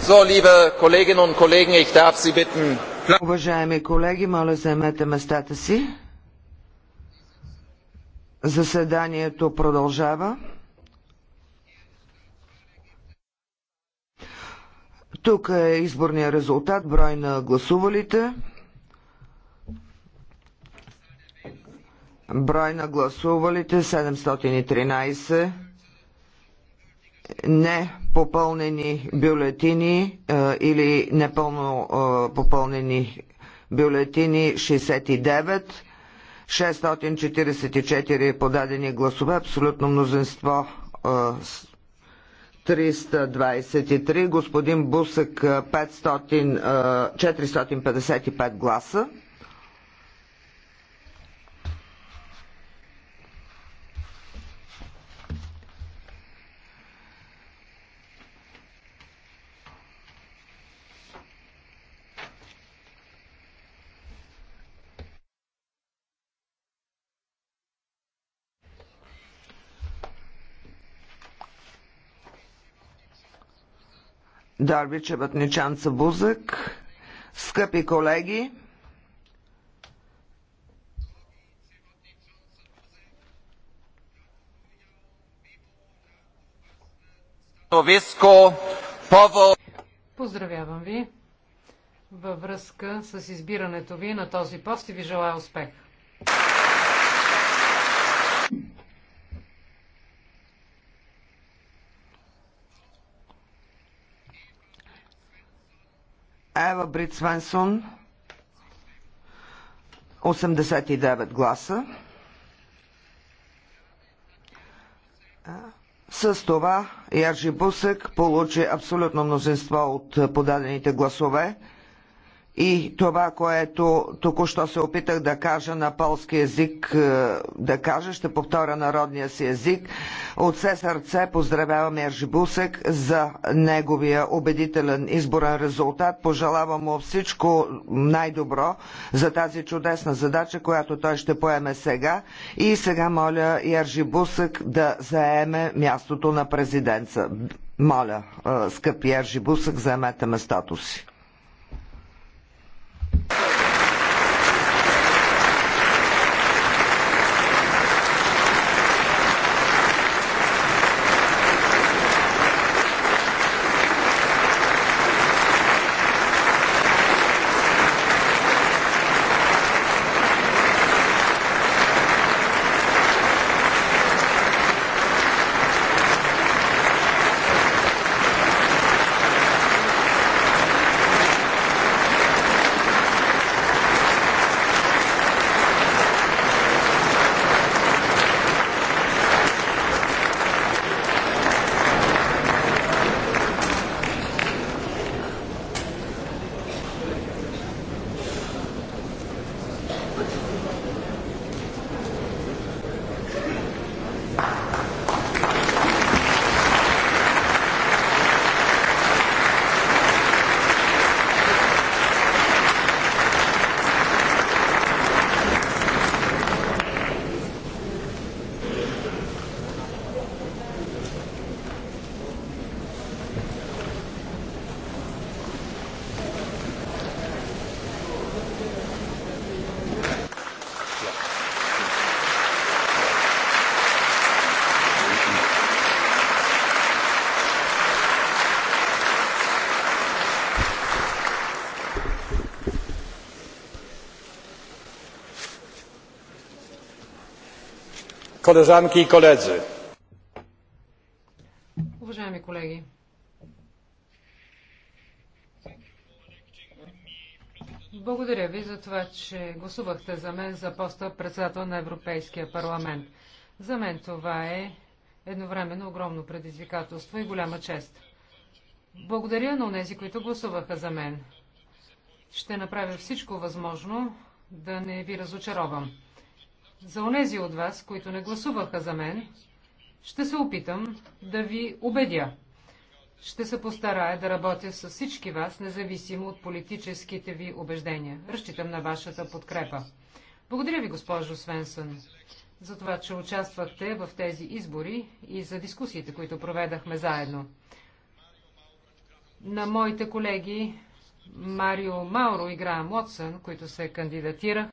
So, liebe Kolleginnen und Kollegen, ich darf Sie bitten. Уважаеми колеги, моля заемете местата си. Заседанието продължава. Тук е изборният резултат, брой на гласувалите. Брой на гласувалите 713. Не попълнени бюлетини или непълно попълнени бюлетини 69, 644 подадени гласове, абсолютно мнозинство 323, господин Бусък 500, 455 гласа. Дарбича Батничанца Бузък. Скъпи колеги, Поздравявам ви във връзка с избирането ви на този пост и ви желая успех. Ева Брит Свенсон 89 гласа. С това Яржи Бусък получи абсолютно мнозинство от подадените гласове и това, което току-що се опитах да кажа на полски език, е, да кажа, ще повторя народния си език. От все сърце поздравявам Ержи Бусек за неговия убедителен изборен резултат. Пожелавам му всичко най-добро за тази чудесна задача, която той ще поеме сега. И сега моля Ержи Бусек да заеме мястото на президента. Моля, е, скъпи Ержи Бусък, заемете местото си. Koleżanki i koledzy. Уважаеми колеги, благодаря ви за това, че гласувахте за мен за поста председател на Европейския парламент. За мен това е едновременно огромно предизвикателство и голяма чест. Благодаря на тези, които гласуваха за мен. Ще направя всичко възможно да не ви разочаровам. За онези от вас, които не гласуваха за мен, ще се опитам да ви убедя. Ще се постарая да работя с всички вас, независимо от политическите ви убеждения. Разчитам на вашата подкрепа. Благодаря ви, госпожо Свенсън, за това, че участвахте в тези избори и за дискусиите, които проведахме заедно. На моите колеги Марио Мауро и Грая Уотсън, които се кандидатира.